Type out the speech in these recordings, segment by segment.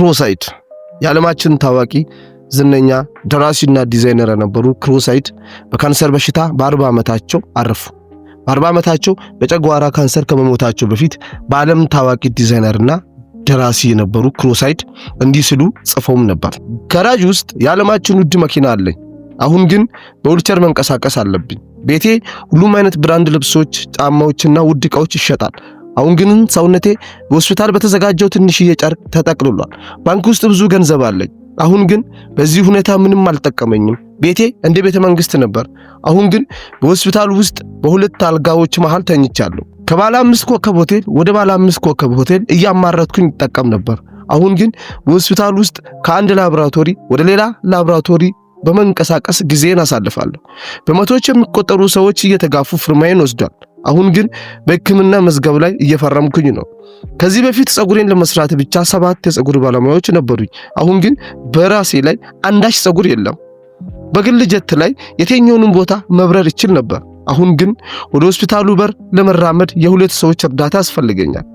ክሮሳይድ የዓለማችን ታዋቂ ዝነኛ ደራሲና ዲዛይነር የነበሩ ክሮሳይድ በካንሰር በሽታ በአርባ ዓመታቸው አረፉ። በ40 ዓመታቸው በጨጓራ ካንሰር ከመሞታቸው በፊት በዓለም ታዋቂ ዲዛይነርና ደራሲ የነበሩ ክሮሳይድ እንዲህ ሲሉ ጽፈውም ነበር። ጋራዥ ውስጥ የዓለማችን ውድ መኪና አለኝ። አሁን ግን በዊልቸር መንቀሳቀስ አለብኝ። ቤቴ ሁሉም አይነት ብራንድ ልብሶች፣ ጫማዎችና ውድ ዕቃዎች ይሸጣል። አሁን ግን ሰውነቴ በሆስፒታል በተዘጋጀው ትንሽዬ ጨርቅ ተጠቅልሏል። ባንክ ውስጥ ብዙ ገንዘብ አለኝ። አሁን ግን በዚህ ሁኔታ ምንም አልጠቀመኝም። ቤቴ እንደ ቤተ መንግስት ነበር። አሁን ግን በሆስፒታል ውስጥ በሁለት አልጋዎች መሃል ተኝቻለሁ። ከባለ አምስት ኮከብ ሆቴል ወደ ባለ አምስት ኮከብ ሆቴል እያማረትኩኝ ይጠቀም ነበር። አሁን ግን በሆስፒታል ውስጥ ከአንድ ላብራቶሪ ወደ ሌላ ላብራቶሪ በመንቀሳቀስ ጊዜን አሳልፋለሁ። በመቶዎች የሚቆጠሩ ሰዎች እየተጋፉ ፍርማዬን ወስዷል። አሁን ግን በሕክምና መዝገብ ላይ እየፈረምኩኝ ነው። ከዚህ በፊት ጸጉሬን ለመስራት ብቻ ሰባት የጸጉር ባለሙያዎች ነበሩኝ። አሁን ግን በራሴ ላይ አንዳች ጸጉር የለም። በግል ጀት ላይ የትኛውንም ቦታ መብረር ይችል ነበር። አሁን ግን ወደ ሆስፒታሉ በር ለመራመድ የሁለት ሰዎች እርዳታ ያስፈልገኛል።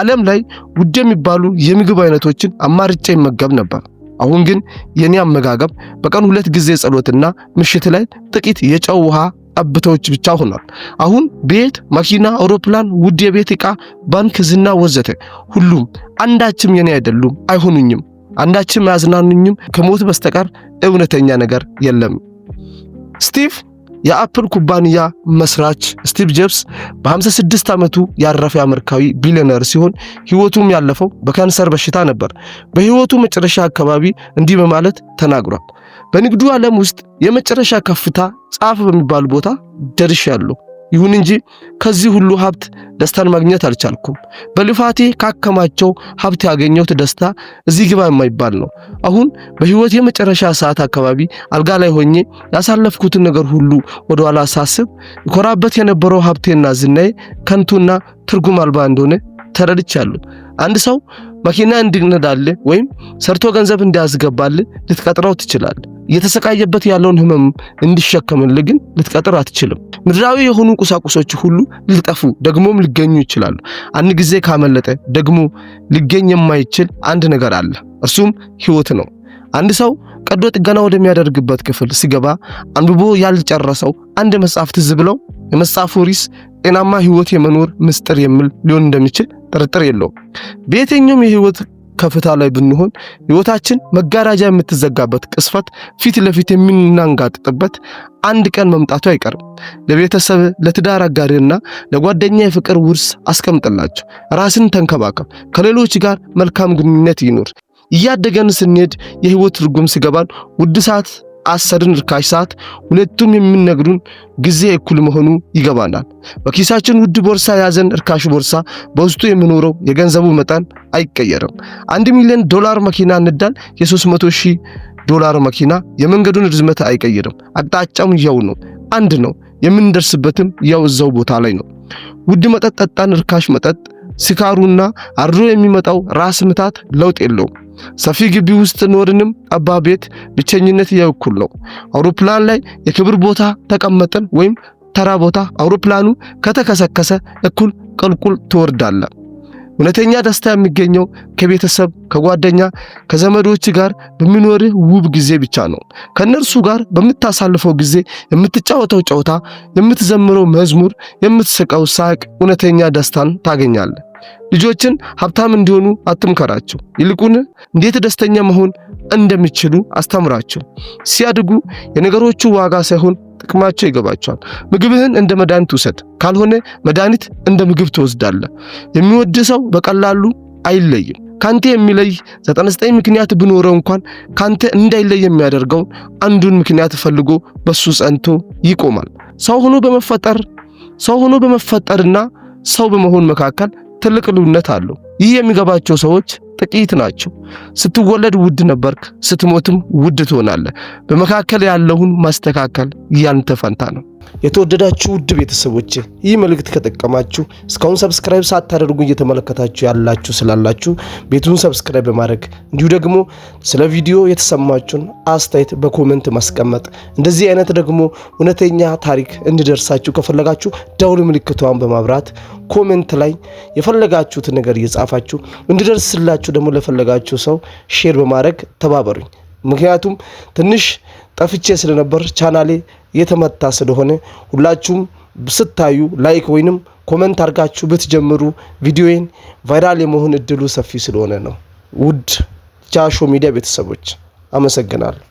ዓለም ላይ ውድ የሚባሉ የምግብ አይነቶችን አማርጬ ይመገብ ነበር። አሁን ግን የኔ አመጋገብ በቀን ሁለት ጊዜ ጸሎትና ምሽት ላይ ጥቂት የጨው ውሃ ጠብታዎች ብቻ ሆኗል። አሁን ቤት፣ መኪና፣ አውሮፕላን፣ ውድ የቤት ዕቃ፣ ባንክ፣ ዝና ወዘተ ሁሉም አንዳችም የኔ አይደሉም፣ አይሆኑኝም፣ አንዳችም አያዝናኑኝም። ከሞት በስተቀር እውነተኛ ነገር የለም። ስቲቭ የአፕል ኩባንያ መስራች ስቲቭ ጆብስ በ56 ዓመቱ ያረፈ አሜሪካዊ ቢሊዮነር ሲሆን ሕይወቱም ያለፈው በካንሰር በሽታ ነበር። በሕይወቱ መጨረሻ አካባቢ እንዲህ በማለት ተናግሯል። በንግዱ ዓለም ውስጥ የመጨረሻ ከፍታ ጫፍ በሚባል ቦታ ደርሻለሁ። ይሁን እንጂ ከዚህ ሁሉ ሀብት ደስታን ማግኘት አልቻልኩም። በልፋቴ ካከማቸው ሀብት ያገኘሁት ደስታ እዚህ ግባ የማይባል ነው። አሁን በሕይወት የመጨረሻ ሰዓት አካባቢ አልጋ ላይ ሆኜ ያሳለፍኩትን ነገር ሁሉ ወደኋላ ሳስብ ይኮራበት የነበረው ሀብቴና ዝናዬ ከንቱና ትርጉም አልባ እንደሆነ ተረድቻለሁ። አንድ ሰው መኪና እንዲነዳልህ ወይም ሰርቶ ገንዘብ እንዲያስገባልህ ልትቀጥረው ትችላለህ። እየተሰቃየበት ያለውን ህመም እንዲሸከምልህ ግን ልትቀጥር አትችልም። ምድራዊ የሆኑ ቁሳቁሶች ሁሉ ሊጠፉ ደግሞም ሊገኙ ይችላሉ። አንድ ጊዜ ካመለጠ ደግሞ ሊገኝ የማይችል አንድ ነገር አለ፣ እርሱም ህይወት ነው። አንድ ሰው ቀዶ ጥገና ወደሚያደርግበት ክፍል ሲገባ አንብቦ ያልጨረሰው አንድ መጽሐፍ ትዝ ብለው የመጽሐፉ ርዕስ ጤናማ ህይወት የመኖር ምስጢር የሚል ሊሆን እንደሚችል ጥርጥር የለውም። በየትኛውም የህይወት ከፍታ ላይ ብንሆን ህይወታችን መጋረጃ የምትዘጋበት ቅስፈት ፊት ለፊት የምናንጋጥጥበት አንድ ቀን መምጣቱ አይቀርም። ለቤተሰብ፣ ለትዳር አጋሪና ለጓደኛ የፍቅር ውርስ አስቀምጥላቸው። ራስን ተንከባከብ። ከሌሎች ጋር መልካም ግንኙነት ይኑር። እያደገን ስንሄድ የህይወት ትርጉም ሲገባን ውድሳት አሰርን ርካሽ ሰዓት ሁለቱም የሚነግዱን ጊዜ እኩል መሆኑ ይገባናል። በኪሳችን ውድ ቦርሳ የያዘን እርካሹ ቦርሳ በውስጡ የሚኖረው የገንዘቡ መጠን አይቀየርም። አንድ ሚሊዮን ዶላር መኪና እንዳል የ300 ሺህ ዶላር መኪና የመንገዱን ርዝመት አይቀይርም። አቅጣጫም ያው ነው፣ አንድ ነው። የምንደርስበትም ያው እዛው ቦታ ላይ ነው። ውድ መጠጥ ጠጣን፣ እርካሽ መጠጥ ሲካሩና አድሮ የሚመጣው ራስ ምታት ለውጥ የለውም። ሰፊ ግቢ ውስጥ ኖርንም ጠባብ ቤት ብቸኝነት የእኩል ነው። አውሮፕላን ላይ የክብር ቦታ ተቀመጠን ወይም ተራ ቦታ አውሮፕላኑ ከተከሰከሰ እኩል ቅልቁል ትወርዳለ። እውነተኛ ደስታ የሚገኘው ከቤተሰብ ከጓደኛ ከዘመዶች ጋር በሚኖርህ ውብ ጊዜ ብቻ ነው። ከእነርሱ ጋር በምታሳልፈው ጊዜ የምትጫወተው ጨውታ የምትዘምረው መዝሙር፣ የምትስቀው ሳቅ እውነተኛ ደስታን ታገኛለህ። ልጆችን ሀብታም እንዲሆኑ አትምከራቸው። ይልቁን እንዴት ደስተኛ መሆን እንደሚችሉ አስተምራቸው። ሲያድጉ የነገሮቹ ዋጋ ሳይሆን ጥቅማቸው ይገባቸዋል። ምግብህን እንደ መድኃኒት ውሰድ፣ ካልሆነ መድኃኒት እንደ ምግብ ትወስዳለህ። የሚወድ ሰው በቀላሉ አይለይም። ካንተ የሚለይ 99 ምክንያት ብኖረው እንኳን ካንተ እንዳይለይ የሚያደርገው አንዱን ምክንያት ፈልጎ በሱ ጸንቶ ይቆማል። ሰው ሆኖ በመፈጠር ሰው ሆኖ በመፈጠርና ሰው በመሆን መካከል ትልቅ ልዩነት አለው። ይህ የሚገባቸው ሰዎች ጥቂት ናቸው። ስትወለድ ውድ ነበርክ፣ ስትሞትም ውድ ትሆናለህ። በመካከል ያለውን ማስተካከል ያንተ ፈንታ ነው። የተወደዳችሁ ውድ ቤተሰቦች ይህ መልእክት ከጠቀማችሁ እስካሁን ሰብስክራይብ ሳታደርጉ እየተመለከታችሁ ያላችሁ ስላላችሁ ቤቱን ሰብስክራይብ በማድረግ እንዲሁ ደግሞ ስለ ቪዲዮ የተሰማችሁን አስተያየት በኮመንት ማስቀመጥ፣ እንደዚህ አይነት ደግሞ እውነተኛ ታሪክ እንዲደርሳችሁ ከፈለጋችሁ ደውል ምልክቷን በማብራት ኮሜንት ላይ የፈለጋችሁት ነገር እየጻፋችሁ እንዲደርስላችሁ ደግሞ ለፈለጋችሁ ሰው ሼር በማድረግ ተባበሩኝ። ምክንያቱም ትንሽ ጠፍቼ ስለነበር ቻናሌ የተመታ ስለሆነ ሁላችሁም ስታዩ ላይክ ወይንም ኮመንት አድርጋችሁ ብትጀምሩ ቪዲዮዬን ቫይራል የመሆን እድሉ ሰፊ ስለሆነ ነው። ውድ ጃሾ ሚዲያ ቤተሰቦች አመሰግናለሁ።